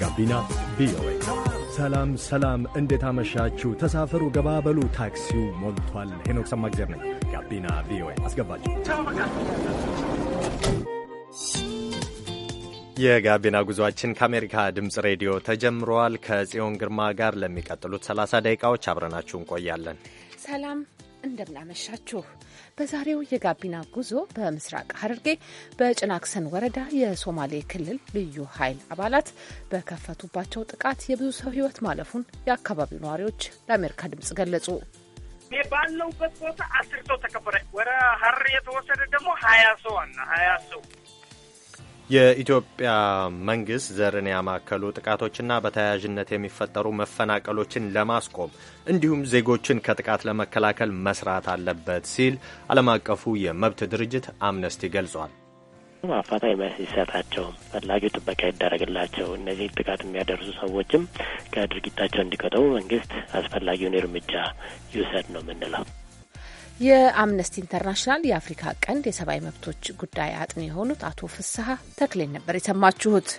ጋቢና ቪኦኤ። ሰላም ሰላም፣ እንዴት አመሻችሁ? ተሳፈሩ፣ ገባበሉ፣ ታክሲው ሞልቷል። ሄኖክ ሰማግዜር ነኝ። ጋቢና ቪኦኤ አስገባችሁ። የጋቢና ጉዟችን ከአሜሪካ ድምፅ ሬዲዮ ተጀምረዋል። ከጽዮን ግርማ ጋር ለሚቀጥሉት 30 ደቂቃዎች አብረናችሁ እንቆያለን። ሰላም፣ እንደምናመሻችሁ በዛሬው የጋቢና ጉዞ በምስራቅ ሐረርጌ በጭናክሰን ወረዳ የሶማሌ ክልል ልዩ ኃይል አባላት በከፈቱባቸው ጥቃት የብዙ ሰው ሕይወት ማለፉን የአካባቢው ነዋሪዎች ለአሜሪካ ድምጽ ገለጹ። ባለውበት ቦታ አስር ሰው ተከበረ። ወደ ሐረር የተወሰደ ደግሞ ሀያ ሰው አና ሀያ ሰው የኢትዮጵያ መንግስት ዘርን ያማከሉ ጥቃቶችና በተያያዥነት የሚፈጠሩ መፈናቀሎችን ለማስቆም እንዲሁም ዜጎችን ከጥቃት ለመከላከል መስራት አለበት ሲል ዓለም አቀፉ የመብት ድርጅት አምነስቲ ገልጿል። አፋጣኝ መልስ ይሰጣቸው፣ ፈላጊው ጥበቃ ይደረግላቸው፣ እነዚህ ጥቃት የሚያደርሱ ሰዎችም ከድርጊታቸው እንዲቆጠቡ መንግስት አስፈላጊውን እርምጃ ይውሰድ ነው የምንለው። የአምነስቲ ኢንተርናሽናል የአፍሪካ ቀንድ የሰብአዊ መብቶች ጉዳይ አጥን የሆኑት አቶ ፍስሀ ተክሌን ነበር የሰማችሁት።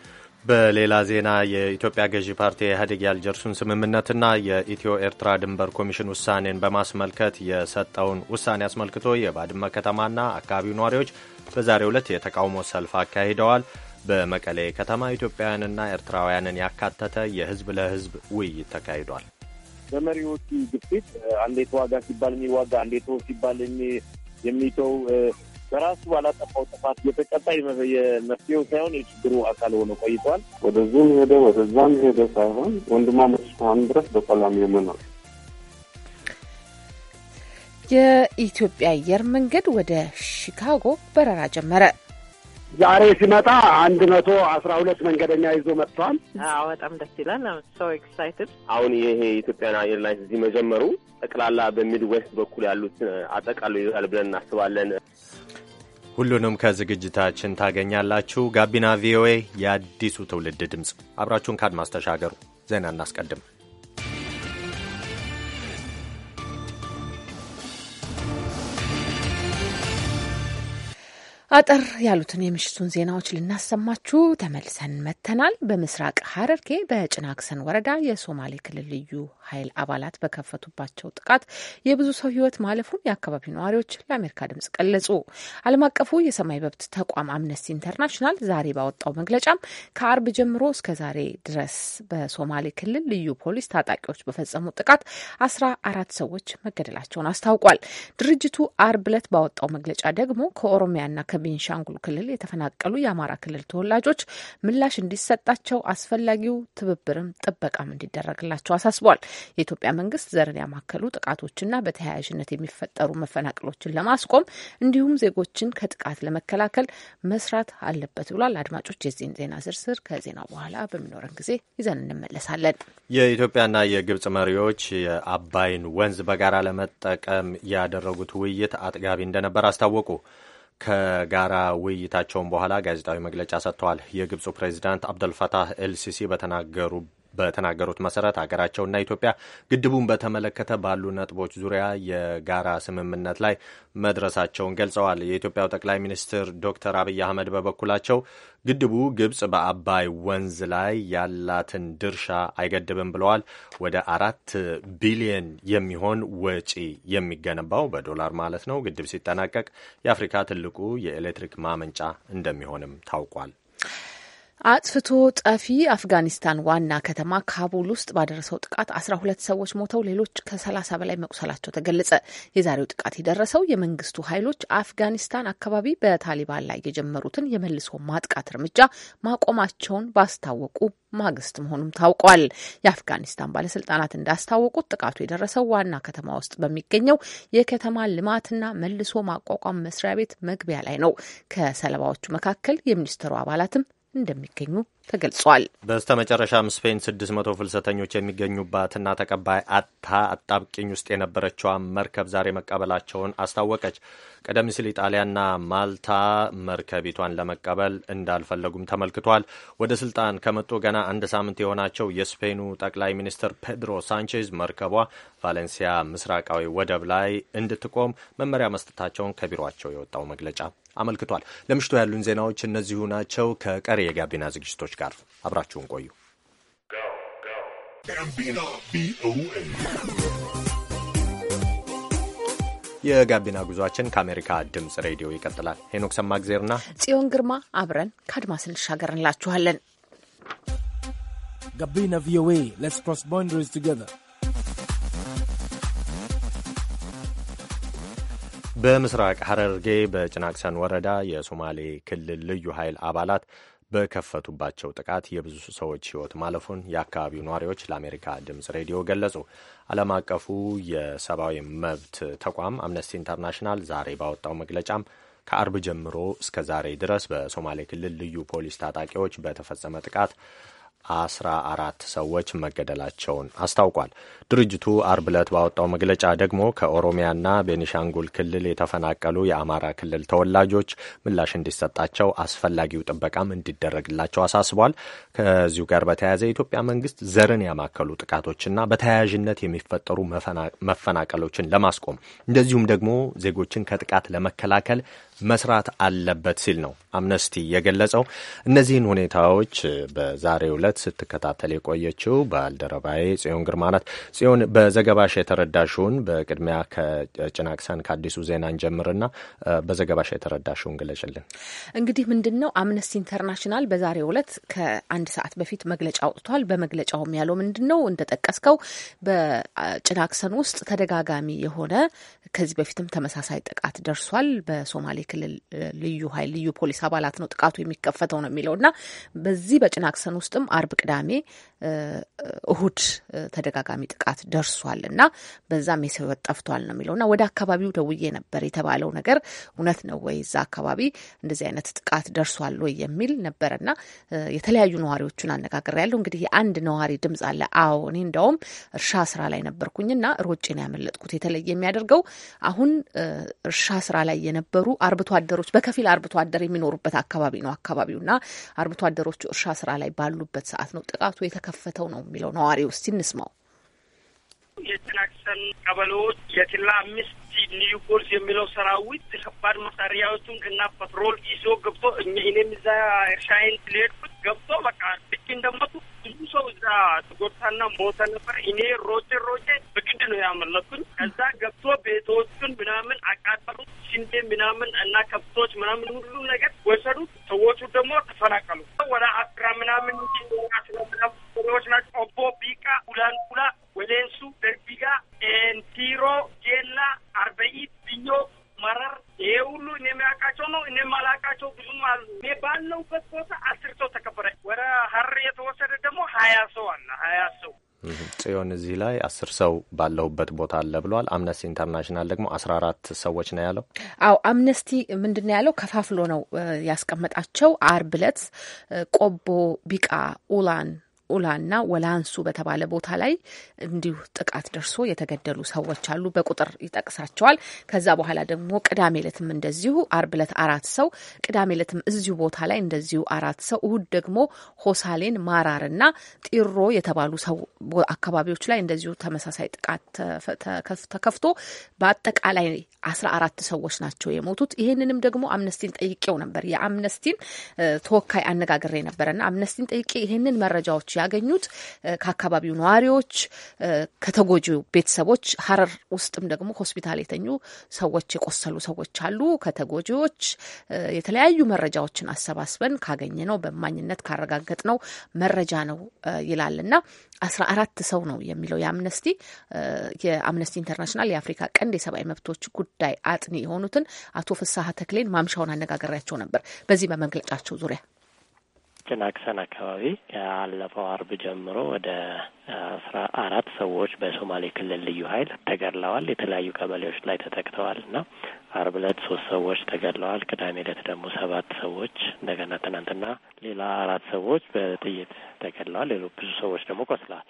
በሌላ ዜና የኢትዮጵያ ገዢ ፓርቲ ኢህአዴግ ያልጀርሱን ስምምነትና የኢትዮ ኤርትራ ድንበር ኮሚሽን ውሳኔን በማስመልከት የሰጠውን ውሳኔ አስመልክቶ የባድመ ከተማና አካባቢው ነዋሪዎች በዛሬው ዕለት የተቃውሞ ሰልፍ አካሂደዋል። በመቀሌ ከተማ ኢትዮጵያውያንና ኤርትራውያንን ያካተተ የህዝብ ለህዝብ ውይይት ተካሂዷል። በመሪዎቹ ግፊት አንዴ ተዋጋ ሲባል የሚዋጋ አንዴ ተው ሲባል የሚተው በራሱ ባላጠፋው ጥፋት የተቀጣ የመፍትሄው ሳይሆን የችግሩ አካል ሆኖ ቆይተዋል። ወደዚህም ሄደ ወደዛም ሄደ ሳይሆን ወንድማማች እስካሁን ድረስ በሰላም የመኖር የኢትዮጵያ አየር መንገድ ወደ ሺካጎ በረራ ጀመረ። ዛሬ ሲመጣ አንድ መቶ አስራ ሁለት መንገደኛ ይዞ መጥቷል። በጣም ደስ ይላል። ሶ ኤክሳይትድ። አሁን ይሄ የኢትዮጵያን ኤርላይንስ እዚህ መጀመሩ ጠቅላላ በሚድ ዌስት በኩል ያሉት አጠቃሎ ይዛል ብለን እናስባለን። ሁሉንም ከዝግጅታችን ታገኛላችሁ። ጋቢና ቪኦኤ የአዲሱ ትውልድ ድምፅ፣ አብራችሁን ካድማስ ተሻገሩ። ዜና እናስቀድም። አጠር ያሉትን የምሽቱን ዜናዎች ልናሰማችሁ ተመልሰን መጥተናል። በምስራቅ ሐረርጌ በጭናክሰን ወረዳ የሶማሌ ክልል ልዩ ኃይል አባላት በከፈቱባቸው ጥቃት የብዙ ሰው ሕይወት ማለፉን የአካባቢው ነዋሪዎች ለአሜሪካ ድምጽ ገለጹ። ዓለም አቀፉ የሰማይ መብት ተቋም አምነስቲ ኢንተርናሽናል ዛሬ ባወጣው መግለጫም ከአርብ ጀምሮ እስከ ዛሬ ድረስ በሶማሌ ክልል ልዩ ፖሊስ ታጣቂዎች በፈጸሙ ጥቃት አስራ አራት ሰዎች መገደላቸውን አስታውቋል። ድርጅቱ አርብ ዕለት ባወጣው መግለጫ ደግሞ ከኦሮሚያና ከቤንሻንጉል ክልል የተፈናቀሉ የአማራ ክልል ተወላጆች ምላሽ እንዲሰጣቸው አስፈላጊው ትብብርም ጥበቃም እንዲደረግላቸው አሳስቧል። የኢትዮጵያ መንግስት ዘርን ያማከሉ ጥቃቶችና በተያያዥነት የሚፈጠሩ መፈናቀሎችን ለማስቆም እንዲሁም ዜጎችን ከጥቃት ለመከላከል መስራት አለበት ብሏል። አድማጮች የዚህን ዜና ዝርዝር ከዜናው በኋላ በሚኖረን ጊዜ ይዘን እንመለሳለን። የኢትዮጵያና የግብጽ መሪዎች የአባይን ወንዝ በጋራ ለመጠቀም ያደረጉት ውይይት አጥጋቢ እንደነበር አስታወቁ። ከጋራ ውይይታቸውን በኋላ ጋዜጣዊ መግለጫ ሰጥተዋል። የግብፁ ፕሬዚዳንት አብደልፈታህ ኤልሲሲ በተናገሩ በተናገሩት መሰረት ሀገራቸውና ኢትዮጵያ ግድቡን በተመለከተ ባሉ ነጥቦች ዙሪያ የጋራ ስምምነት ላይ መድረሳቸውን ገልጸዋል። የኢትዮጵያው ጠቅላይ ሚኒስትር ዶክተር አብይ አህመድ በበኩላቸው ግድቡ ግብጽ በአባይ ወንዝ ላይ ያላትን ድርሻ አይገድብም ብለዋል። ወደ አራት ቢሊየን የሚሆን ወጪ የሚገነባው በዶላር ማለት ነው ግድብ ሲጠናቀቅ የአፍሪካ ትልቁ የኤሌክትሪክ ማመንጫ እንደሚሆንም ታውቋል። አጥፍቶ ጠፊ አፍጋኒስታን ዋና ከተማ ካቡል ውስጥ ባደረሰው ጥቃት አስራ ሁለት ሰዎች ሞተው ሌሎች ከሰላሳ በላይ መቁሰላቸው ተገለጸ። የዛሬው ጥቃት የደረሰው የመንግስቱ ኃይሎች አፍጋኒስታን አካባቢ በታሊባን ላይ የጀመሩትን የመልሶ ማጥቃት እርምጃ ማቆማቸውን ባስታወቁ ማግስት መሆኑም ታውቋል። የአፍጋኒስታን ባለስልጣናት እንዳስታወቁት ጥቃቱ የደረሰው ዋና ከተማ ውስጥ በሚገኘው የከተማ ልማትና መልሶ ማቋቋም መስሪያ ቤት መግቢያ ላይ ነው። ከሰለባዎቹ መካከል የሚኒስትሩ አባላትም እንደሚገኙ ተገልጿል። በስተ መጨረሻም ስፔን ስድስት መቶ ፍልሰተኞች የሚገኙባትና ተቀባይ አታ አጣብቂኝ ውስጥ የነበረችዋን መርከብ ዛሬ መቀበላቸውን አስታወቀች። ቀደም ሲል ኢጣሊያና ማልታ መርከቢቷን ለመቀበል እንዳልፈለጉም ተመልክቷል። ወደ ስልጣን ከመጡ ገና አንድ ሳምንት የሆናቸው የስፔኑ ጠቅላይ ሚኒስትር ፔድሮ ሳንቼዝ መርከቧ ቫሌንሲያ ምስራቃዊ ወደብ ላይ እንድትቆም መመሪያ መስጠታቸውን ከቢሮቸው የወጣው መግለጫ አመልክቷል። ለምሽቱ ያሉን ዜናዎች እነዚሁ ናቸው። ከቀሪ የጋቢና ዝግጅቶች ጋር አብራችሁን ቆዩ። የጋቢና ጉዟችን ከአሜሪካ ድምፅ ሬዲዮ ይቀጥላል። ሄኖክ ሰማግዜርና ጽዮን ግርማ አብረን ከአድማስ እንሻገር እንላችኋለን። ጋቢና ቪኦኤ ሌትስ ክሮስ ቦንደሪስ ቱጌዘር በምስራቅ ሐረርጌ በጭናቅሰን ወረዳ የሶማሌ ክልል ልዩ ኃይል አባላት በከፈቱባቸው ጥቃት የብዙ ሰዎች ሕይወት ማለፉን የአካባቢው ነዋሪዎች ለአሜሪካ ድምፅ ሬዲዮ ገለጹ። ዓለም አቀፉ የሰብአዊ መብት ተቋም አምነስቲ ኢንተርናሽናል ዛሬ ባወጣው መግለጫም ከአርብ ጀምሮ እስከ ዛሬ ድረስ በሶማሌ ክልል ልዩ ፖሊስ ታጣቂዎች በተፈጸመ ጥቃት አስራ አራት ሰዎች መገደላቸውን አስታውቋል። ድርጅቱ አርብ ዕለት ባወጣው መግለጫ ደግሞ ከኦሮሚያና ቤኒሻንጉል ክልል የተፈናቀሉ የአማራ ክልል ተወላጆች ምላሽ እንዲሰጣቸው አስፈላጊው ጥበቃም እንዲደረግላቸው አሳስቧል። ከዚሁ ጋር በተያያዘ የኢትዮጵያ መንግስት ዘርን ያማከሉ ጥቃቶችና በተያያዥነት የሚፈጠሩ መፈናቀሎችን ለማስቆም እንደዚሁም ደግሞ ዜጎችን ከጥቃት ለመከላከል መስራት አለበት ሲል ነው አምነስቲ የገለጸው። እነዚህን ሁኔታዎች በዛሬው ዕለት ስትከታተል የቆየችው ባልደረባዬ ጽዮን ግርማ ናት። ጽዮን፣ በዘገባሽ የተረዳሽውን በቅድሚያ ከጭናቅሰን ከአዲሱ ዜና እንጀምርና በዘገባሽ የተረዳሽውን ግለጭልን። እንግዲህ ምንድን ነው አምነስቲ ኢንተርናሽናል በዛሬው ዕለት ከአንድ ሰዓት በፊት መግለጫ አውጥቷል። በመግለጫውም ያለው ምንድን ነው እንደጠቀስከው በጭናቅሰን ውስጥ ተደጋጋሚ የሆነ ከዚህ በፊትም ተመሳሳይ ጥቃት ደርሷል በሶማሌ ክልል ልዩ ኃይል ልዩ ፖሊስ አባላት ነው ጥቃቱ የሚከፈተው ነው የሚለው እና በዚህ በጭናክሰን ውስጥም አርብ፣ ቅዳሜ፣ እሁድ ተደጋጋሚ ጥቃት ደርሷል እና በዛም የሰው ሕይወት ጠፍቷል ነው የሚለው እና ወደ አካባቢው ደውዬ ነበር የተባለው ነገር እውነት ነው ወይ እዛ አካባቢ እንደዚህ አይነት ጥቃት ደርሷል ወይ የሚል ነበር እና የተለያዩ ነዋሪዎቹን አነጋግሬ ያለሁ እንግዲህ የአንድ ነዋሪ ድምጽ አለ። አዎ እኔ እንደውም እርሻ ስራ ላይ ነበርኩኝና ሮጬ ነው ያመለጥኩት። የተለየ የሚያደርገው አሁን እርሻ ስራ ላይ የነበሩ አር አርብቶ አደሮች በከፊል አርብቶ አደር የሚኖሩበት አካባቢ ነው አካባቢው አካባቢውና አርብቶ አደሮቹ እርሻ ስራ ላይ ባሉበት ሰዓት ነው ጥቃቱ የተከፈተው ነው የሚለው ነዋሪ ውስጥ እንስማው። የተናክሰን ቀበሌዎች የትላ አምስት ኒው ፖሊስ የሚለው ሰራዊት ከባድ መሳሪያዎቹን እና ፓትሮል ይዞ ገብቶ እኔም እዛ እርሻዬን ሊሄድኩት ገብቶ በቃ ልክ እንደመጡ ሰው እዛ ተጎድታና ሞተ ነበር። እኔ ሮጬ ሮጬ በግድ ነው ያመለኩኝ። ከዛ ገብቶ ቤቶቹን ምናምን አቃጠሉት። ሽንዴ ምናምን እና ከብቶች ምናምን ሁሉ ነገር ወሰዱት። ሰዎቹ ደግሞ ተፈናቀሉ። ወደ አስራ ምናምን ሰዎች ናቸው ኦቦ ቢቃ ሁላ ጽዮን እዚህ ላይ አስር ሰው ባለሁበት ቦታ አለ ብሏል። አምነስቲ ኢንተርናሽናል ደግሞ አስራ አራት ሰዎች ነው ያለው። አው አምነስቲ ምንድን ነው ያለው? ከፋፍሎ ነው ያስቀመጣቸው። አርብ ዕለት ቆቦ ቢቃ ኡላን ኡላና ወላንሱ በተባለ ቦታ ላይ እንዲሁ ጥቃት ደርሶ የተገደሉ ሰዎች አሉ። በቁጥር ይጠቅሳቸዋል። ከዛ በኋላ ደግሞ ቅዳሜ ለትም እንደዚሁ፣ አርብ አራት ሰው፣ ቅዳሜ ለትም እዚሁ ቦታ ላይ እንደዚሁ አራት ሰው፣ እሁድ ደግሞ ሆሳሌን ማራርና ጢሮ የተባሉ ሰው አካባቢዎች ላይ እንደዚሁ ተመሳሳይ ጥቃት ተከፍቶ በአጠቃላይ አስራ አራት ሰዎች ናቸው የሞቱት። ይህንንም ደግሞ አምነስቲን ጠይቄው ነበር። የአምነስቲን ተወካይ አነጋግሬ ነበረና አምነስቲን ጠይቄ ይህንን መረጃዎች ያገኙት ከአካባቢው ነዋሪዎች፣ ከተጎጂው ቤተሰቦች፣ ሀረር ውስጥም ደግሞ ሆስፒታል የተኙ ሰዎች፣ የቆሰሉ ሰዎች አሉ። ከተጎጂዎች የተለያዩ መረጃዎችን አሰባስበን በማኝነት ካረጋገጥ ካረጋገጥነው መረጃ ነው ይላል እና አስራ አራት ሰው ነው የሚለው የአምነስቲ የአምነስቲ ኢንተርናሽናል የአፍሪካ ቀንድ የሰብአዊ መብቶች ጉዳይ አጥኒ የሆኑትን አቶ ፍስሀ ተክሌን ማምሻውን አነጋገሪያቸው ነበር በዚህ በመግለጫቸው ዙሪያ ጭናክሰን አካባቢ ያለፈው አርብ ጀምሮ ወደ አስራ አራት ሰዎች በሶማሌ ክልል ልዩ ኃይል ተገድለዋል። የተለያዩ ቀበሌዎች ላይ ተጠቅተዋል እና አርብ ዕለት ሶስት ሰዎች ተገድለዋል። ቅዳሜ ዕለት ደግሞ ሰባት ሰዎች እንደገና ትናንትና ሌላ አራት ሰዎች በጥይት ተገድለዋል። ሌሎ ብዙ ሰዎች ደግሞ ቆስለዋል።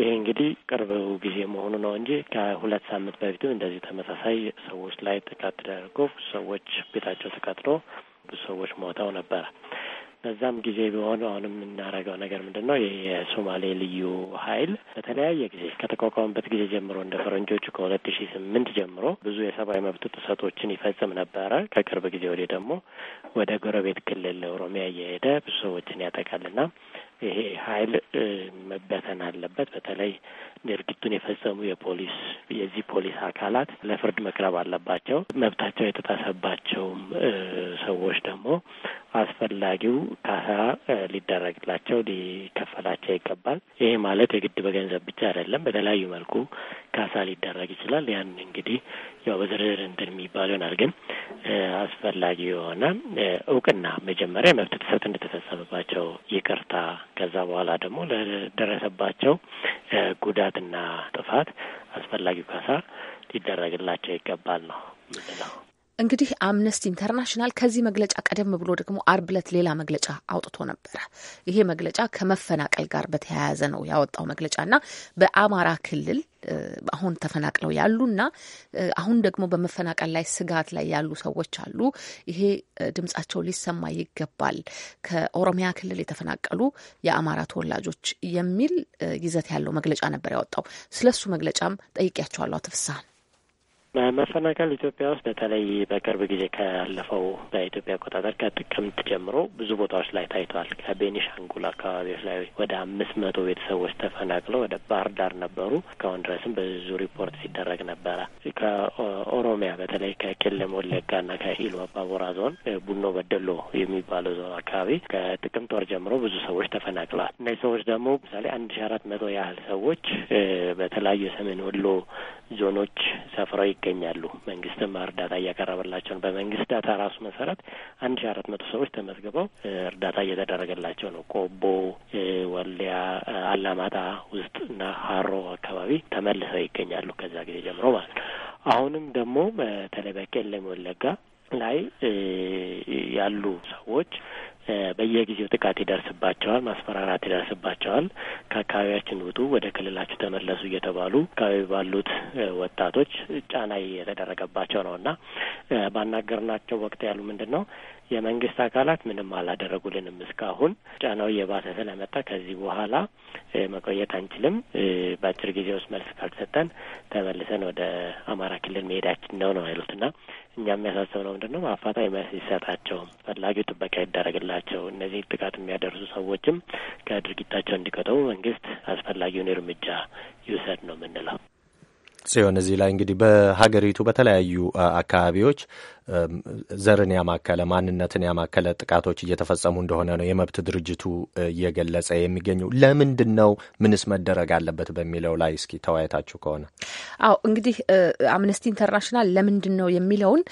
ይሄ እንግዲህ ቅርብ ጊዜ መሆኑ ነው እንጂ ከሁለት ሳምንት በፊትም እንደዚህ ተመሳሳይ ሰዎች ላይ ጥቃት ተደርጎ ሰዎች ቤታቸው ተቃጥሎ ብዙ ሰዎች ሞተው ነበረ። በዛም ጊዜ ቢሆን አሁንም የምናደርገው ነገር ምንድን ነው? የሶማሌ ልዩ ኃይል በተለያየ ጊዜ ከተቋቋመበት ጊዜ ጀምሮ እንደ ፈረንጆቹ ከሁለት ሺ ስምንት ጀምሮ ብዙ የሰብአዊ መብት ጥሰቶችን ይፈጽም ነበረ። ከቅርብ ጊዜ ወዲህ ደግሞ ወደ ጎረቤት ክልል ኦሮሚያ እየሄደ ብዙ ሰዎችን ያጠቃልና ይሄ ኃይል መበተን አለበት። በተለይ ድርጊቱን የፈጸሙ የፖሊስ የዚህ ፖሊስ አካላት ለፍርድ መቅረብ አለባቸው። መብታቸው የተጣሰባቸውም ሰዎች ደግሞ አስፈላጊው ካሳ ሊደረግላቸው ሊከፈላቸው ይገባል። ይሄ ማለት የግድ በገንዘብ ብቻ አይደለም። በተለያዩ መልኩ ካሳ ሊደረግ ይችላል። ያን እንግዲህ ያው በዝርዝር እንትን የሚባል ይሆናል። ግን አስፈላጊ የሆነ እውቅና መጀመሪያ መብት ጥሰት እንደተፈጸመባቸው ይቅርታ፣ ከዛ በኋላ ደግሞ ለደረሰባቸው ጉዳትና ጥፋት አስፈላጊው ካሳ ሊደረግላቸው ይገባል ነው እንግዲህ አምነስቲ ኢንተርናሽናል ከዚህ መግለጫ ቀደም ብሎ ደግሞ አርብ ዕለት ሌላ መግለጫ አውጥቶ ነበረ። ይሄ መግለጫ ከመፈናቀል ጋር በተያያዘ ነው ያወጣው መግለጫና በአማራ ክልል አሁን ተፈናቅለው ያሉና አሁን ደግሞ በመፈናቀል ላይ ስጋት ላይ ያሉ ሰዎች አሉ። ይሄ ድምጻቸው ሊሰማ ይገባል፣ ከኦሮሚያ ክልል የተፈናቀሉ የአማራ ተወላጆች የሚል ይዘት ያለው መግለጫ ነበር ያወጣው። ስለሱ መግለጫም ጠይቄያቸዋለሁ። አቶ መፈናቀል ኢትዮጵያ ውስጥ በተለይ በቅርብ ጊዜ ካለፈው በኢትዮጵያ አቆጣጠር ከጥቅምት ጀምሮ ብዙ ቦታዎች ላይ ታይቷል። ከቤኒሻንጉል አካባቢዎች ላይ ወደ አምስት መቶ ቤተሰቦች ተፈናቅለው ወደ ባህር ዳር ነበሩ። እስካሁን ድረስም ብዙ ሪፖርት ሲደረግ ነበረ። ከኦሮሚያ በተለይ ከቄለም ወለጋና ከኢሉ አባቦራ ዞን ቡኖ በደሎ የሚባለው ዞን አካባቢ ከጥቅምት ወር ጀምሮ ብዙ ሰዎች ተፈናቅለዋል። እነዚህ ሰዎች ደግሞ ምሳሌ አንድ ሺ አራት መቶ ያህል ሰዎች በተለያዩ የሰሜን ወሎ ዞኖች ሰፍረው ይገኛሉ። መንግስትም እርዳታ እያቀረበላቸው ነው። በመንግስት ዳታ ራሱ መሰረት አንድ ሺ አራት መቶ ሰዎች ተመዝግበው እርዳታ እየተደረገላቸው ነው። ቆቦ፣ ወልዲያ፣ አላማጣ ውስጥ እና ሀሮ አካባቢ ተመልሰው ይገኛሉ። ከዛ ጊዜ ጀምሮ ማለት ነው። አሁንም ደግሞ በተለይ በቄለም ወለጋ ላይ ያሉ ሰዎች በየጊዜው ጥቃት ይደርስባቸዋል፣ ማስፈራራት ይደርስባቸዋል። ከአካባቢያችን ውጡ፣ ወደ ክልላችሁ ተመለሱ እየተባሉ አካባቢ ባሉት ወጣቶች ጫና የተደረገባቸው ነው እና ባናገርናቸው ወቅት ያሉ ምንድን ነው የመንግስት አካላት ምንም አላደረጉልንም እስካሁን። ጫናው እየባሰ ስለመጣ ከዚህ በኋላ መቆየት አንችልም። በአጭር ጊዜ ውስጥ መልስ ካልሰጠን ተመልሰን ወደ አማራ ክልል መሄዳችን ነው ነው ያሉትና እኛ የሚያሳስብ ነው ምንድን ነው አፋጣኝ መልስ ይሰጣቸው፣ ፈላጊው ጥበቃ ይደረግላቸው፣ እነዚህ ጥቃት የሚያደርሱ ሰዎችም ከድርጊታቸው እንዲቆጠቡ መንግስት አስፈላጊውን እርምጃ ይውሰድ ነው የምንለው። ሲሆን እዚህ ላይ እንግዲህ በሀገሪቱ በተለያዩ አካባቢዎች ዘርን ያማከለ ማንነትን ያማከለ ጥቃቶች እየተፈጸሙ እንደሆነ ነው የመብት ድርጅቱ እየገለጸ የሚገኘው። ለምንድን ነው ምንስ መደረግ አለበት በሚለው ላይ እስኪ ተወያይታችሁ ከሆነ አዎ፣ እንግዲህ አምነስቲ ኢንተርናሽናል ለምንድን ነው የሚለውን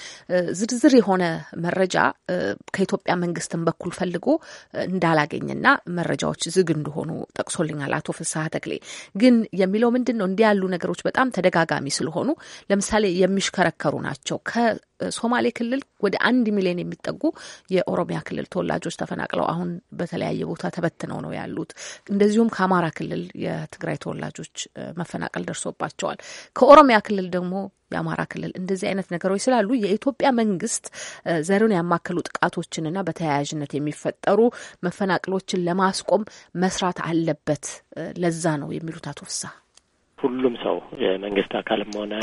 ዝርዝር የሆነ መረጃ ከኢትዮጵያ መንግስትን በኩል ፈልጎ እንዳላገኝና መረጃዎች ዝግ እንደሆኑ ጠቅሶልኛል አቶ ፍስሐ ተክሌ። ግን የሚለው ምንድን ነው እንዲህ ያሉ ነገሮች በጣም ተደጋጋሚ ስለሆኑ ለምሳሌ የሚሽከረከሩ ናቸው ሶማሌ ክልል ወደ አንድ ሚሊዮን የሚጠጉ የኦሮሚያ ክልል ተወላጆች ተፈናቅለው አሁን በተለያየ ቦታ ተበትነው ነው ያሉት። እንደዚሁም ከአማራ ክልል የትግራይ ተወላጆች መፈናቀል ደርሶባቸዋል። ከኦሮሚያ ክልል ደግሞ የአማራ ክልል እንደዚህ አይነት ነገሮች ስላሉ የኢትዮጵያ መንግስት ዘርን ያማከሉ ጥቃቶችንና በተያያዥነት የሚፈጠሩ መፈናቅሎችን ለማስቆም መስራት አለበት። ለዛ ነው የሚሉት አቶ ፍስሐ ሁሉም ሰው የመንግስት አካልም ሆነ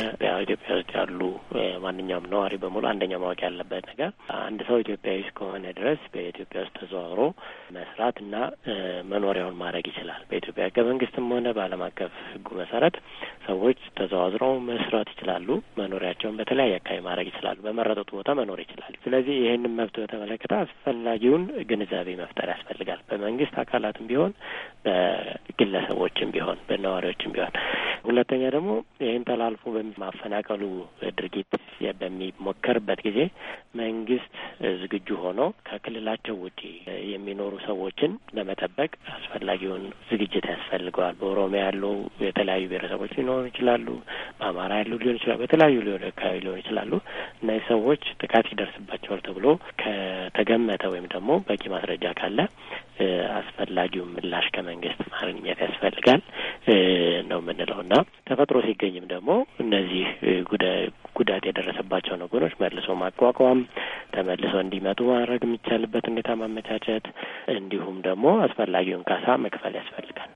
ኢትዮጵያ ውስጥ ያሉ ማንኛውም ነዋሪ በሙሉ አንደኛው ማወቅ ያለበት ነገር አንድ ሰው ኢትዮጵያዊ እስከሆነ ድረስ በኢትዮጵያ ውስጥ ተዘዋውሮ መስራት እና መኖሪያውን ማድረግ ይችላል። በኢትዮጵያ ህገ መንግስትም ሆነ በዓለም አቀፍ ህጉ መሰረት ሰዎች ተዘዋዝረው መስራት ይችላሉ። መኖሪያቸውን በተለያየ አካባቢ ማድረግ ይችላሉ። በመረጡት ቦታ መኖር ይችላል። ስለዚህ ይህንን መብት በተመለከተ አስፈላጊውን ግንዛቤ መፍጠር ያስፈልጋል። በመንግስት አካላትም ቢሆን በግለሰቦችም ቢሆን በነዋሪዎችም ቢሆን ሁለተኛ ደግሞ ይህን ተላልፎ በማፈናቀሉ ድርጊት በሚሞከርበት ጊዜ መንግስት ዝግጁ ሆኖ ከክልላቸው ውጪ የሚኖሩ ሰዎችን ለመጠበቅ አስፈላጊውን ዝግጅት ያስፈልገዋል። በኦሮሚያ ያሉ የተለያዩ ብሔረሰቦች ሊኖሩ ይችላሉ። በአማራ ያሉ ሊሆን ይችላሉ። በተለያዩ አካባቢ ሊሆን ይችላሉ። እነዚህ ሰዎች ጥቃት ይደርስባቸዋል ተብሎ ከተገመተ ወይም ደግሞ በቂ ማስረጃ ካለ አስፈላጊውን ምላሽ ከመንግስት ማግኘት ያስፈልጋል ነው የምንለው እና ተፈጥሮ ሲገኝም ደግሞ እነዚህ ጉዳት የደረሰባቸው ነገሮች መልሶ ማቋቋም፣ ተመልሶ እንዲመጡ ማድረግ የሚቻልበት ሁኔታ ማመቻቸት፣ እንዲሁም ደግሞ አስፈላጊውን ካሳ መክፈል ያስፈልጋል።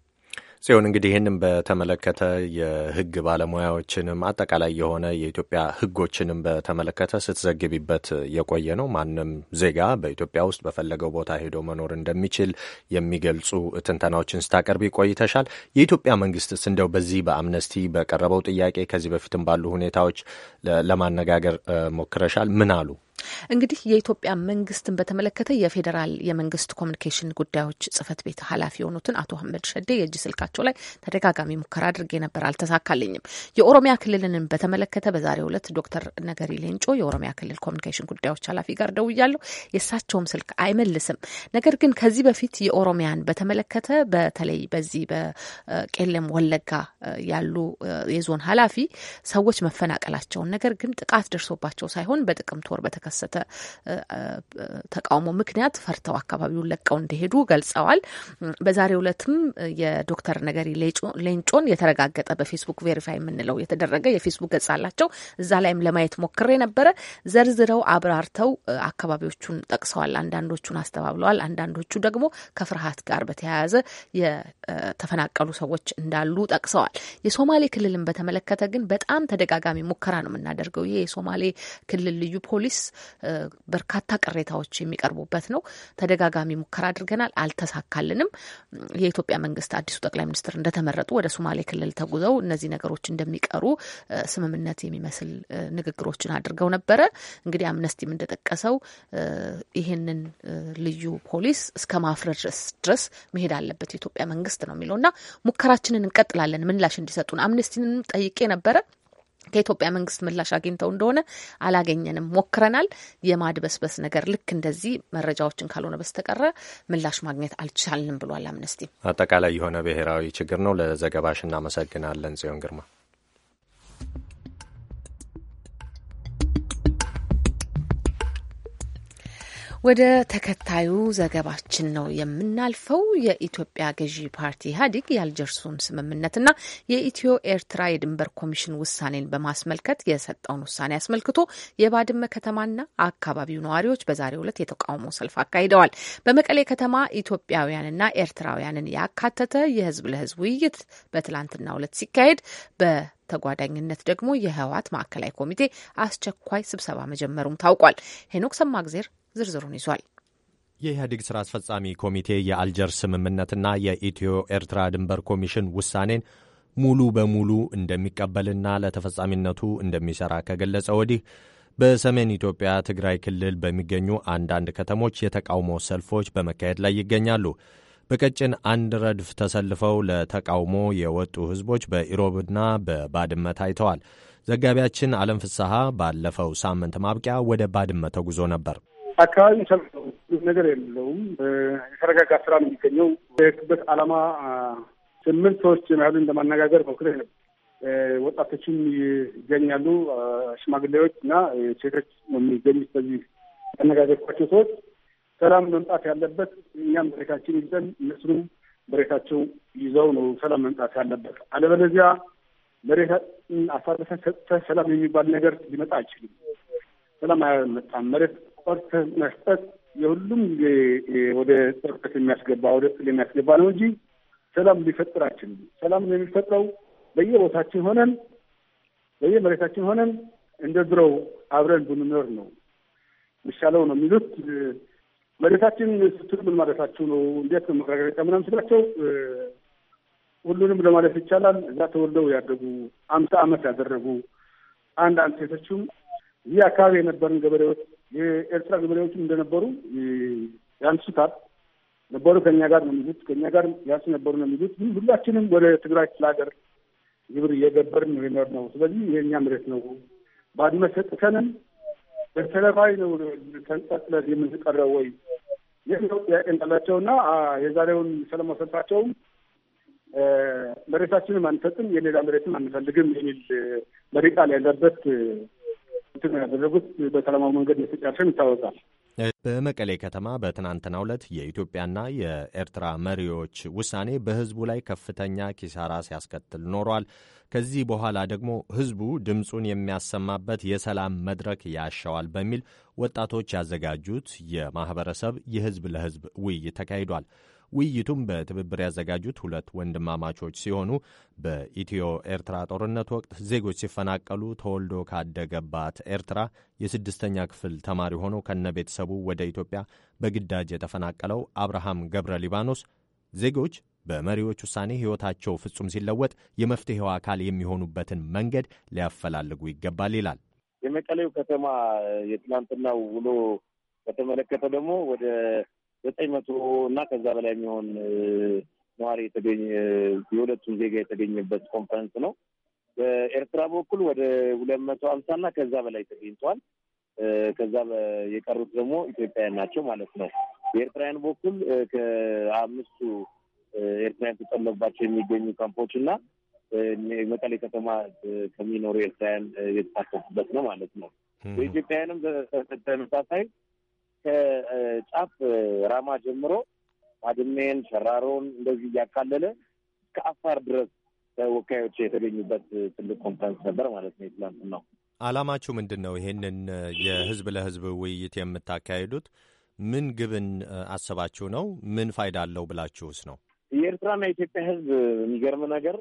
ጽዮን እንግዲህ ይህንም በተመለከተ የህግ ባለሙያዎችንም አጠቃላይ የሆነ የኢትዮጵያ ህጎችንም በተመለከተ ስትዘግቢበት የቆየ ነው። ማንም ዜጋ በኢትዮጵያ ውስጥ በፈለገው ቦታ ሄዶ መኖር እንደሚችል የሚገልጹ ትንተናዎችን ስታቀርቢ ቆይተሻል። የኢትዮጵያ መንግስትስ እንደው በዚህ በአምነስቲ በቀረበው ጥያቄ ከዚህ በፊትም ባሉ ሁኔታዎች ለማነጋገር ሞክረሻል? ምን አሉ? እንግዲህ የኢትዮጵያ መንግስትን በተመለከተ የፌዴራል የመንግስት ኮሚኒኬሽን ጉዳዮች ጽህፈት ቤት ኃላፊ የሆኑትን አቶ አህመድ ሸዴ የእጅ ስልካቸው ላይ ተደጋጋሚ ሙከራ አድርጌ ነበር፣ አልተሳካልኝም። የኦሮሚያ ክልልንን በተመለከተ በዛሬው ዕለት ዶክተር ነገሪ ሌንጮ የኦሮሚያ ክልል ኮሚኒኬሽን ጉዳዮች ኃላፊ ጋር ደውያለሁ። የእሳቸውም ስልክ አይመልስም። ነገር ግን ከዚህ በፊት የኦሮሚያን በተመለከተ በተለይ በዚህ በቄለም ወለጋ ያሉ የዞን ኃላፊ ሰዎች መፈናቀላቸውን ነገር ግን ጥቃት ደርሶባቸው ሳይሆን በጥቅምት ወር በተከ በተከሰተ ተቃውሞ ምክንያት ፈርተው አካባቢውን ለቀው እንደሄዱ ገልጸዋል። በዛሬው ዕለትም የዶክተር ነገሪ ሌንጮን የተረጋገጠ በፌስቡክ ቬሪፋይ የምንለው የተደረገ የፌስቡክ ገጽ አላቸው። እዛ ላይም ለማየት ሞክሬ ነበረ። ዘርዝረው አብራርተው አካባቢዎቹን ጠቅሰዋል። አንዳንዶቹን አስተባብለዋል። አንዳንዶቹ ደግሞ ከፍርሃት ጋር በተያያዘ የተፈናቀሉ ሰዎች እንዳሉ ጠቅሰዋል። የሶማሌ ክልልን በተመለከተ ግን በጣም ተደጋጋሚ ሙከራ ነው የምናደርገው። ይሄ የሶማሌ ክልል ልዩ ፖሊስ በርካታ ቅሬታዎች የሚቀርቡበት ነው። ተደጋጋሚ ሙከራ አድርገናል፣ አልተሳካልንም። የኢትዮጵያ መንግስት አዲሱ ጠቅላይ ሚኒስትር እንደተመረጡ ወደ ሶማሌ ክልል ተጉዘው እነዚህ ነገሮች እንደሚቀሩ ስምምነት የሚመስል ንግግሮችን አድርገው ነበረ። እንግዲህ አምነስቲም እንደጠቀሰው ይህንን ልዩ ፖሊስ እስከ ማፍረስ ድረስ መሄድ አለበት የኢትዮጵያ መንግስት ነው የሚለውና ሙከራችንን እንቀጥላለን ምላሽ እንዲሰጡን አምነስቲንም ጠይቄ ነበረ። ከኢትዮጵያ መንግስት ምላሽ አግኝተው እንደሆነ አላገኘንም። ሞክረናል። የማድበስበስ ነገር ልክ እንደዚህ መረጃዎችን ካልሆነ በስተቀረ ምላሽ ማግኘት አልቻልንም ብሏል አምነስቲ። አጠቃላይ የሆነ ብሔራዊ ችግር ነው። ለዘገባሽ እናመሰግናለን ጽዮን ግርማ። ወደ ተከታዩ ዘገባችን ነው የምናልፈው። የኢትዮጵያ ገዢ ፓርቲ ኢህአዴግ የአልጀርሱን ስምምነትና የኢትዮ ኤርትራ የድንበር ኮሚሽን ውሳኔን በማስመልከት የሰጠውን ውሳኔ አስመልክቶ የባድመ ከተማና አካባቢው ነዋሪዎች በዛሬው ዕለት የተቃውሞ ሰልፍ አካሂደዋል። በመቀሌ ከተማ ኢትዮጵያውያንና ኤርትራውያንን ያካተተ የህዝብ ለህዝብ ውይይት በትላንትናው ዕለት ሲካሄድ በ ተጓዳኝነት ደግሞ የህወሓት ማዕከላዊ ኮሚቴ አስቸኳይ ስብሰባ መጀመሩም ታውቋል። ሄኖክ ሰማግዜር ዝርዝሩን ይዟል። የኢህአዴግ ስራ አስፈጻሚ ኮሚቴ የአልጀር ስምምነትና የኢትዮ ኤርትራ ድንበር ኮሚሽን ውሳኔን ሙሉ በሙሉ እንደሚቀበልና ለተፈጻሚነቱ እንደሚሰራ ከገለጸ ወዲህ በሰሜን ኢትዮጵያ ትግራይ ክልል በሚገኙ አንዳንድ ከተሞች የተቃውሞ ሰልፎች በመካሄድ ላይ ይገኛሉ። በቀጭን አንድ ረድፍ ተሰልፈው ለተቃውሞ የወጡ ህዝቦች በኢሮብና በባድመ ታይተዋል። ዘጋቢያችን አለም ፍስሐ ባለፈው ሳምንት ማብቂያ ወደ ባድመ ተጉዞ ነበር። አካባቢ ሰላም ነገር የለውም። የተረጋጋ ስራ ነው የሚገኘው። የሄድኩበት አላማ ስምንት ሰዎች ያህሉ እንደማነጋገር ሞክሬ ነበር። ወጣቶችም ይገኛሉ፣ ሽማግሌዎች እና ሴቶች ነው የሚገኙት። በዚህ ያነጋገርኳቸው ሰዎች ሰላም መምጣት ያለበት እኛም መሬታችን ይዘን እነሱንም መሬታቸው ይዘው ነው ሰላም መምጣት ያለበት። አለበለዚያ መሬት አሳልፈህ ሰጥተህ ሰላም የሚባል ነገር ሊመጣ አይችልም። ሰላም አያመጣም። መሬት ሪፖርት መስጠት የሁሉም ወደ ጦርነት የሚያስገባ ወደ ጥል የሚያስገባ ነው እንጂ ሰላም ሊፈጥር አይችልም። ሰላም የሚፈጥረው በየቦታችን ሆነን በየመሬታችን ሆነን እንደ ድሮው አብረን ብንኖር ነው የሚሻለው ነው የሚሉት። መሬታችን ስትሉ ምን ማለታችሁ ነው? እንዴት ነው መረጋገጫ ምናምን ስላቸው ሁሉንም ለማለት ይቻላል። እዛ ተወልደው ያደጉ አምሳ ዓመት ያደረጉ አንድ አንድ ሴቶችም ይህ አካባቢ የነበርን ገበሬዎች የኤርትራ ገበሬዎችም እንደነበሩ ያንሱታል። ነበሩ ከኛ ጋር ነው የሚሉት፣ ከኛ ጋር ያንሱ ነበሩ ነው የሚሉት። ግን ሁላችንም ወደ ትግራይ ክፍለ ሀገር ግብር እየገበርን ነው የኖር ነው። ስለዚህ የእኛ መሬት ነው ባድመ ሰጥተንም በተለፋይ ነው ተንጠጥለት የምንቀረው ወይ የሚለው ጥያቄ እንዳላቸው እንዳላቸውና የዛሬውን ሰላማዊ ሰልፋቸውም መሬታችንም አንሰጥም የሌላ መሬትም አንፈልግም የሚል መሪ ቃል ያለበት እንትን ያደረጉት በሰላማዊ መንገድ መተጫርሸም ይታወቃል። በመቀሌ ከተማ በትናንትናው ዕለት የኢትዮጵያና የኤርትራ መሪዎች ውሳኔ በህዝቡ ላይ ከፍተኛ ኪሳራ ሲያስከትል ኖሯል። ከዚህ በኋላ ደግሞ ህዝቡ ድምፁን የሚያሰማበት የሰላም መድረክ ያሻዋል በሚል ወጣቶች ያዘጋጁት የማህበረሰብ የህዝብ ለህዝብ ውይይት ተካሂዷል። ውይይቱም በትብብር ያዘጋጁት ሁለት ወንድማማቾች ሲሆኑ በኢትዮ ኤርትራ ጦርነት ወቅት ዜጎች ሲፈናቀሉ ተወልዶ ካደገባት ኤርትራ የስድስተኛ ክፍል ተማሪ ሆኖ ከነ ቤተሰቡ ወደ ኢትዮጵያ በግዳጅ የተፈናቀለው አብርሃም ገብረ ሊባኖስ ዜጎች በመሪዎች ውሳኔ ሕይወታቸው ፍጹም ሲለወጥ የመፍትሔው አካል የሚሆኑበትን መንገድ ሊያፈላልጉ ይገባል ይላል። የመቀሌው ከተማ የትናንትናው ውሎ በተመለከተ ደግሞ ወደ ዘጠኝ መቶ እና ከዛ በላይ የሚሆን ነዋሪ የተገኘ የሁለቱም ዜጋ የተገኘበት ኮንፈረንስ ነው። በኤርትራ በኩል ወደ ሁለት መቶ ሀምሳ እና ከዛ በላይ ተገኝተዋል። ከዛ የቀሩት ደግሞ ኢትዮጵያውያን ናቸው ማለት ነው። የኤርትራውያን በኩል ከአምስቱ ኤርትራውያን ተጠለባቸው የሚገኙ ካምፖች እና መቀሌ ከተማ ከሚኖሩ ኤርትራውያን የተሳተፉበት ነው ማለት ነው። በኢትዮጵያውያንም ተመሳሳይ ከጫፍ ራማ ጀምሮ አድሜን፣ ሸራሮን እንደዚህ እያካለለ እስከ አፋር ድረስ ተወካዮች የተገኙበት ትልቅ ኮንፈረንስ ነበር ማለት ነው። የትላንትናው ነው። አላማችሁ ምንድን ነው? ይሄንን የህዝብ ለህዝብ ውይይት የምታካሂዱት ምን ግብን አስባችሁ ነው? ምን ፋይዳ አለው ብላችሁስ ነው? የኤርትራና የኢትዮጵያ ህዝብ የሚገርም ነገር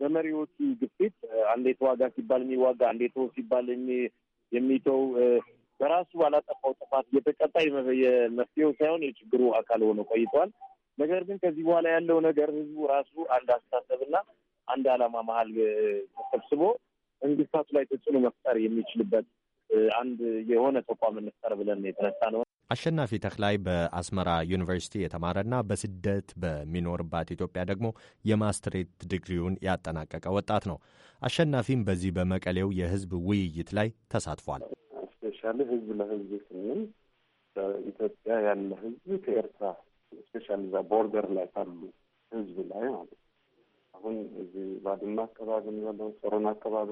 በመሪዎቹ ግፊት አንዴ ተዋጋ ሲባል የሚዋጋ አንዴ ተው ሲባል የሚተው በራሱ ባላጠፋው ጥፋት እየተቀጣ የመፍትሄው ሳይሆን የችግሩ አካል ሆኖ ቆይተዋል። ነገር ግን ከዚህ በኋላ ያለው ነገር ህዝቡ ራሱ አንድ አስተሳሰብና አንድ አላማ መሀል ተሰብስቦ መንግስታቱ ላይ ተጽዕኖ መፍጠር የሚችልበት አንድ የሆነ ተቋም እንፍጠር ብለን የተነሳ ነው። አሸናፊ ተክላይ በአስመራ ዩኒቨርሲቲ የተማረና በስደት በሚኖርባት ኢትዮጵያ ደግሞ የማስትሬት ዲግሪውን ያጠናቀቀ ወጣት ነው። አሸናፊም በዚህ በመቀሌው የህዝብ ውይይት ላይ ተሳትፏል። ስፔሻሊ ህዝብ ለህዝብ ስንል በኢትዮጵያ ያለ ህዝብ ከኤርትራ ስፔሻሊ ቦርደር ላይ ካሉ ህዝብ ላይ ማለት አሁን እዚህ ባድማ አካባቢ ያለው ሶሮና አካባቢ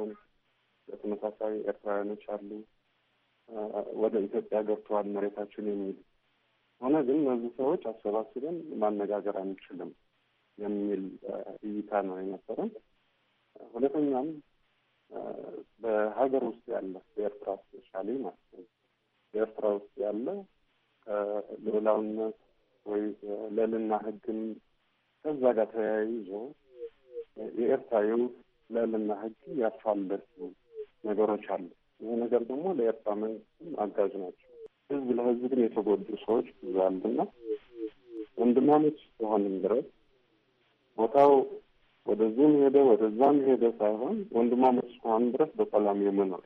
በተመሳሳይ ኤርትራውያኖች አሉ። ወደ ኢትዮጵያ ገብተዋል መሬታችን የሚል ሆነ ግን እነዚህ ሰዎች አሰባስበን ማነጋገር አንችልም የሚል እይታ ነው የነበረን። ሁለተኛም በሀገር ውስጥ ያለ በኤርትራ ስፔሻሊ ማለት ነው በኤርትራ ውስጥ ያለ ሉዓላዊነት ወይ ለልና ህግን ከዛ ጋር ተያይዞ የኤርትራዊው ልዕልና ህግ ያፋለሱ ነገሮች አሉ። ይህ ነገር ደግሞ ለኤርትራ መንግስትም አጋዥ ናቸው። ህዝብ ለህዝብ ግን የተጎዱ ሰዎች ብዙ አሉና ወንድማሞች እስከሆንም ድረስ ቦታው ወደዚህም ሄደ ወደዛም ሄደ ሳይሆን ወንድማሞች እስከሆንም ድረስ በሰላም የመኖር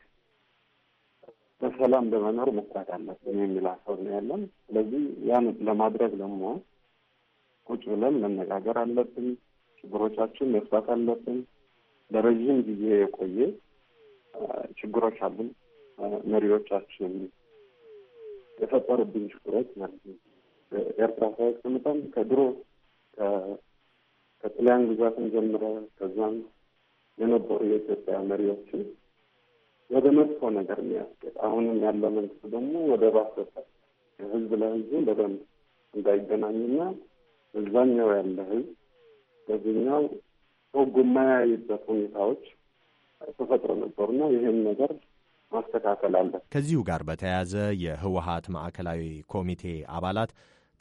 በሰላም በመኖር መስራት አለብን የሚል ሀሳብ ነው ያለን። ስለዚህ ያን ለማድረግ ደግሞ ቁጭ ብለን መነጋገር አለብን። ችግሮቻችን መፍታት አለብን። ለረዥም ጊዜ የቆየ ችግሮች አሉን። መሪዎቻችን የፈጠሩብን ችግሮች ማለት ነው። ኤርትራ ሳያስቀምጠን ከድሮ ከጥሊያን ግዛትን ጀምረ ከዛም የነበሩ የኢትዮጵያ መሪዎችን ወደ መጥፎ ነገር የሚያስገድ አሁንም ያለ መንግስት ደግሞ ወደ ባሰጠ ህዝብ ለህዝብ በደንብ እንዳይገናኝና እዛኛው ያለ ህዝብ በዚህኛው ህጉ የማያይበት ሁኔታዎች ተፈጥሮ ነበሩና ይህም ነገር ማስተካከል አለ። ከዚሁ ጋር በተያያዘ የህወሀት ማዕከላዊ ኮሚቴ አባላት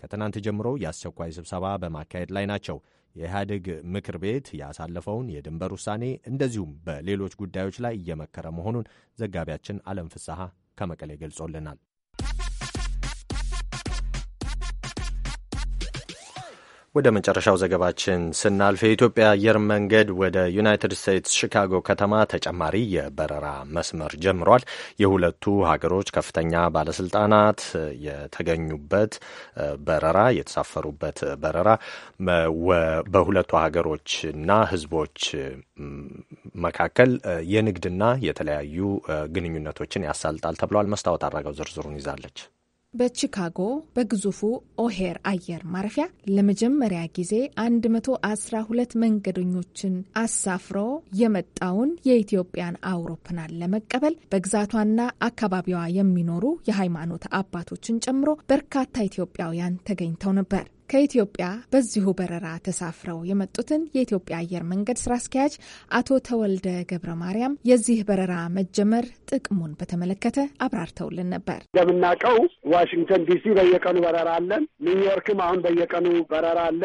ከትናንት ጀምሮ የአስቸኳይ ስብሰባ በማካሄድ ላይ ናቸው። የኢህአዴግ ምክር ቤት ያሳለፈውን የድንበር ውሳኔ እንደዚሁም በሌሎች ጉዳዮች ላይ እየመከረ መሆኑን ዘጋቢያችን አለም ፍስሐ ከመቀሌ ገልጾልናል። ወደ መጨረሻው ዘገባችን ስናልፍ የኢትዮጵያ አየር መንገድ ወደ ዩናይትድ ስቴትስ ሺካጎ ከተማ ተጨማሪ የበረራ መስመር ጀምሯል። የሁለቱ ሀገሮች ከፍተኛ ባለስልጣናት የተገኙበት በረራ የተሳፈሩበት በረራ በሁለቱ ሀገሮችና ሕዝቦች መካከል የንግድና የተለያዩ ግንኙነቶችን ያሳልጣል ተብሏል። መስታወት አድረገው ዝርዝሩን ይዛለች። በቺካጎ በግዙፉ ኦሄር አየር ማረፊያ ለመጀመሪያ ጊዜ 112 መንገደኞችን አሳፍሮ የመጣውን የኢትዮጵያን አውሮፕላን ለመቀበል በግዛቷና አካባቢዋ የሚኖሩ የሃይማኖት አባቶችን ጨምሮ በርካታ ኢትዮጵያውያን ተገኝተው ነበር። ከኢትዮጵያ በዚሁ በረራ ተሳፍረው የመጡትን የኢትዮጵያ አየር መንገድ ስራ አስኪያጅ አቶ ተወልደ ገብረ ማርያም የዚህ በረራ መጀመር ጥቅሙን በተመለከተ አብራርተውልን ነበር። እንደምናውቀው ዋሽንግተን ዲሲ በየቀኑ በረራ አለን። ኒውዮርክም አሁን በየቀኑ በረራ አለ።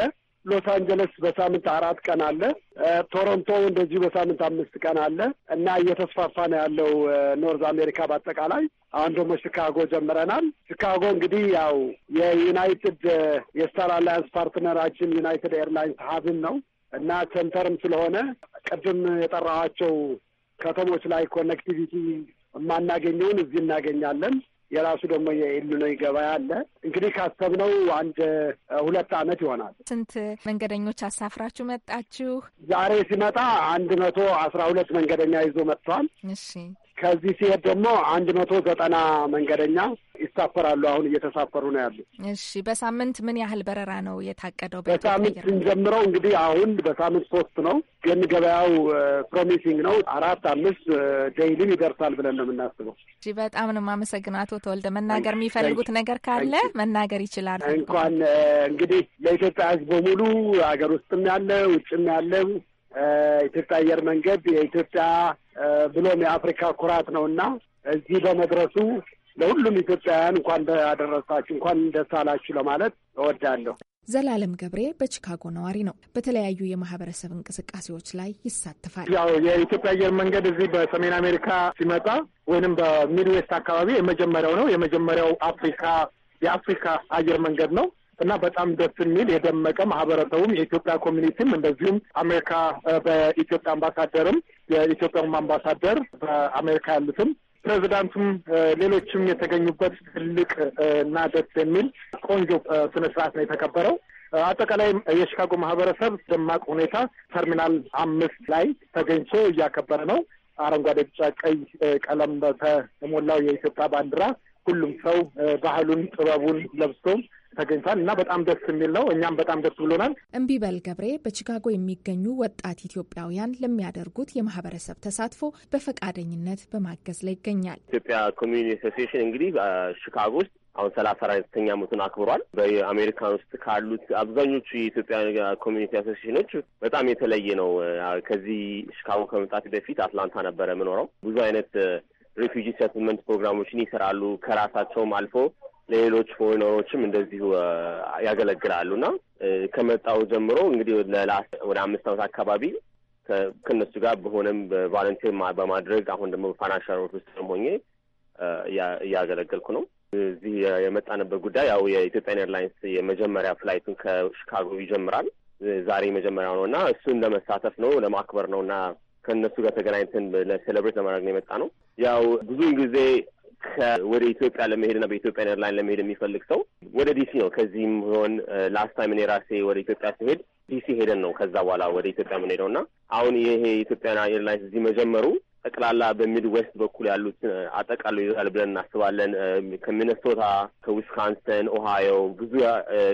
ሎስ አንጀለስ በሳምንት አራት ቀን አለ። ቶሮንቶ እንደዚሁ በሳምንት አምስት ቀን አለ እና እየተስፋፋ ነው ያለው ኖርዝ አሜሪካ በአጠቃላይ። አሁን ደግሞ ቺካጎ ጀምረናል። ቺካጎ እንግዲህ ያው የዩናይትድ የስታር አላያንስ ፓርትነራችን ዩናይትድ ኤርላይንስ ሀብን ነው እና ሴንተርም ስለሆነ ቅድም የጠራኋቸው ከተሞች ላይ ኮኔክቲቪቲ የማናገኘውን እዚህ እናገኛለን። የራሱ ደግሞ የኢሉኖይ ገበያ አለ። እንግዲህ ካሰብነው አንድ ሁለት አመት ይሆናል። ስንት መንገደኞች አሳፍራችሁ መጣችሁ? ዛሬ ሲመጣ አንድ መቶ አስራ ሁለት መንገደኛ ይዞ መጥቷል። እሺ ከዚህ ሲሄድ ደግሞ አንድ መቶ ዘጠና መንገደኛ ይሳፈራሉ። አሁን እየተሳፈሩ ነው ያሉ። እሺ፣ በሳምንት ምን ያህል በረራ ነው የታቀደው? በሳምንት ስንጀምረው እንግዲህ አሁን በሳምንት ሶስት ነው፣ ግን ገበያው ፕሮሚሲንግ ነው። አራት አምስት ዴይሊም ይደርሳል ብለን ነው የምናስበው። እሺ፣ በጣም ነው የማመሰግነው አቶ ተወልደ። መናገር የሚፈልጉት ነገር ካለ መናገር ይችላል። እንኳን እንግዲህ ለኢትዮጵያ ሕዝብ በሙሉ ሀገር ውስጥም ያለ ውጭም ያለ ኢትዮጵያ አየር መንገድ የኢትዮጵያ ብሎም የአፍሪካ ኩራት ነው እና እዚህ በመድረሱ ለሁሉም ኢትዮጵያውያን እንኳን አደረሳችሁ እንኳን ደስ አላችሁ ለማለት እወዳለሁ። ዘላለም ገብሬ በቺካጎ ነዋሪ ነው። በተለያዩ የማህበረሰብ እንቅስቃሴዎች ላይ ይሳተፋል። ያው የኢትዮጵያ አየር መንገድ እዚህ በሰሜን አሜሪካ ሲመጣ ወይንም በሚድዌስት አካባቢ የመጀመሪያው ነው። የመጀመሪያው አፍሪካ የአፍሪካ አየር መንገድ ነው። እና በጣም ደስ የሚል የደመቀ ማህበረሰቡም የኢትዮጵያ ኮሚኒቲም እንደዚሁም አሜሪካ በኢትዮጵያ አምባሳደርም የኢትዮጵያውም አምባሳደር በአሜሪካ ያሉትም ፕሬዚዳንቱም ሌሎችም የተገኙበት ትልቅ እና ደስ የሚል ቆንጆ ስነ ስርዓት ነው የተከበረው። አጠቃላይ የሺካጎ ማህበረሰብ ደማቅ ሁኔታ ተርሚናል አምስት ላይ ተገኝቶ እያከበረ ነው። አረንጓዴ፣ ቢጫ፣ ቀይ ቀለም በተሞላው የኢትዮጵያ ባንዲራ ሁሉም ሰው ባህሉን ጥበቡን ለብሶ ተገኝቷል እና በጣም ደስ የሚል ነው። እኛም በጣም ደስ ብሎናል። እምቢበል ገብሬ በቺካጎ የሚገኙ ወጣት ኢትዮጵያውያን ለሚያደርጉት የማህበረሰብ ተሳትፎ በፈቃደኝነት በማገዝ ላይ ይገኛል። ኢትዮጵያ ኮሚኒቲ አሶሲዬሽን እንግዲህ ቺካጎ ውስጥ አሁን ሰላሳ አራተኛ ዓመቱን አክብሯል። በአሜሪካን ውስጥ ካሉት አብዛኞቹ የኢትዮጵያ ኮሚኒቲ አሶሲሽኖች በጣም የተለየ ነው። ከዚህ ሽካጎ ከመምጣት በፊት አትላንታ ነበረ የምኖረው ብዙ አይነት ሪፊጂ ሰትልመንት ፕሮግራሞችን ይሰራሉ። ከራሳቸውም አልፎ ለሌሎች ፎሪነሮችም እንደዚሁ ያገለግላሉ እና ከመጣው ጀምሮ እንግዲህ ለላስ ወደ አምስት ዓመት አካባቢ ከእነሱ ጋር በሆነም ቫለንቲር በማድረግ አሁን ደግሞ በፋይናንሻል ውስጥ ሆኜ እያገለገልኩ ነው። እዚህ የመጣንበት ጉዳይ ያው የኢትዮጵያን ኤርላይንስ የመጀመሪያ ፍላይቱን ከሽካጎ ይጀምራል ዛሬ መጀመሪያው ነው እና እሱን ለመሳተፍ ነው ለማክበር ነው እና ከእነሱ ጋር ተገናኝተን ለሴሌብሬት ለማድረግ ነው የመጣ ነው። ያው ብዙውን ጊዜ ወደ ኢትዮጵያ ለመሄድና በኢትዮጵያ ኤርላይን ለመሄድ የሚፈልግ ሰው ወደ ዲሲ ነው። ከዚህም ሆን ላስት ታይም እኔ ራሴ ወደ ኢትዮጵያ ሲሄድ ዲሲ ሄደን ነው ከዛ በኋላ ወደ ኢትዮጵያ የምንሄደው እና አሁን ይሄ የኢትዮጵያን ኤርላይንስ እዚህ መጀመሩ ጠቅላላ በሚድ ዌስት በኩል ያሉት አጠቃሎ ይዛል ብለን እናስባለን። ከሚነሶታ፣ ከዊስካንሰን፣ ኦሃዮ ብዙ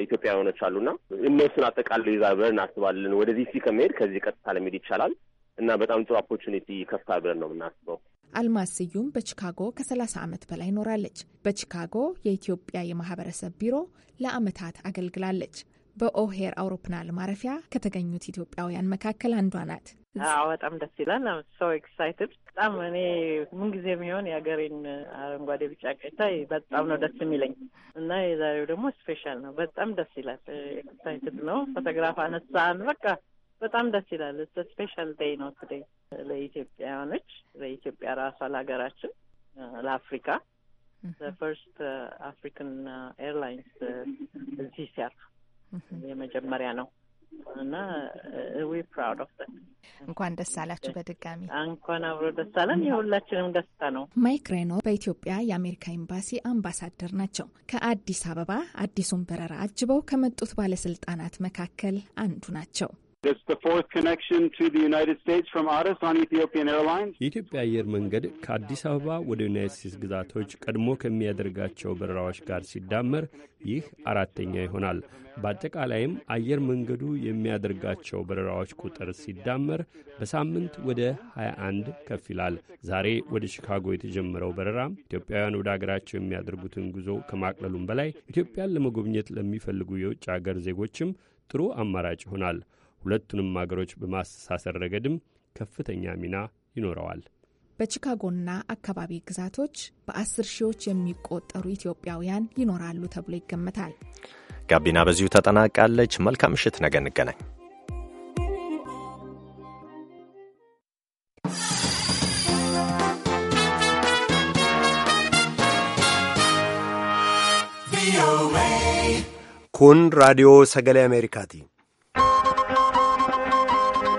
ኢትዮጵያውያኖች አሉና እነሱን አጠቃሉ ይዛል ብለን እናስባለን። ወደ ዲሲ ከመሄድ ከዚህ ቀጥታ ለመሄድ ይቻላል። እና በጣም ጥሩ ኦፖርቹኒቲ ይከፍታል ብለን ነው የምናስበው። አልማዝ ስዩም በቺካጎ ከሰላሳ ዓመት በላይ ኖራለች። በቺካጎ የኢትዮጵያ የማህበረሰብ ቢሮ ለአመታት አገልግላለች። በኦሄር አውሮፕላን ማረፊያ ከተገኙት ኢትዮጵያውያን መካከል አንዷ ናት። በጣም ደስ ይላል። ሶ ኤክሳይትድ በጣም እኔ ምንጊዜ የሚሆን የሀገሬን አረንጓዴ ቢጫ ቀይታ በጣም ነው ደስ የሚለኝ እና የዛሬው ደግሞ ስፔሻል ነው። በጣም ደስ ይላል። ኤክሳይትድ ነው። ፎቶግራፍ አነሳን። በቃ በጣም ደስ ይላል። ስፔሻል ዴይ ነው ቱዴይ ለኢትዮጵያውያኖች፣ ለኢትዮጵያ ራሷ፣ ለሀገራችን፣ uh, ለአፍሪካ ፈርስት አፍሪካን ኤርላይንስ እዚህ ሲያርፍ የመጀመሪያ ነው እና ዊ ፕራውድ ኦፍ እንኳን ደስ አላችሁ። በድጋሚ እንኳን አብሮ ደስ አለን። የሁላችንም ደስታ ነው። ማይክ ሬኖ በኢትዮጵያ የአሜሪካ ኤምባሲ አምባሳደር ናቸው። ከአዲስ አበባ አዲሱን በረራ አጅበው ከመጡት ባለስልጣናት መካከል አንዱ ናቸው። የኢትዮጵያ አየር መንገድ ከአዲስ አበባ ወደ ዩናይት ስቴትስ ግዛቶች ቀድሞ ከሚያደርጋቸው በረራዎች ጋር ሲዳመር ይህ አራተኛ ይሆናል። በአጠቃላይም አየር መንገዱ የሚያደርጋቸው በረራዎች ቁጥር ሲዳመር በሳምንት ወደ 21 ከፍ ይላል። ዛሬ ወደ ቺካጎ የተጀመረው በረራ ኢትዮጵያውያን ወደ አገራቸው የሚያደርጉትን ጉዞ ከማቅለሉም በላይ ኢትዮጵያን ለመጎብኘት ለሚፈልጉ የውጭ አገር ዜጎችም ጥሩ አማራጭ ይሆናል። ሁለቱንም አገሮች በማስተሳሰር ረገድም ከፍተኛ ሚና ይኖረዋል። በቺካጎና አካባቢ ግዛቶች በአስር ሺዎች የሚቆጠሩ ኢትዮጵያውያን ይኖራሉ ተብሎ ይገመታል። ጋቢና በዚሁ ተጠናቃለች። መልካም ምሽት፣ ነገ እንገናኝ። kun raadiyoo sagalee ameerikaati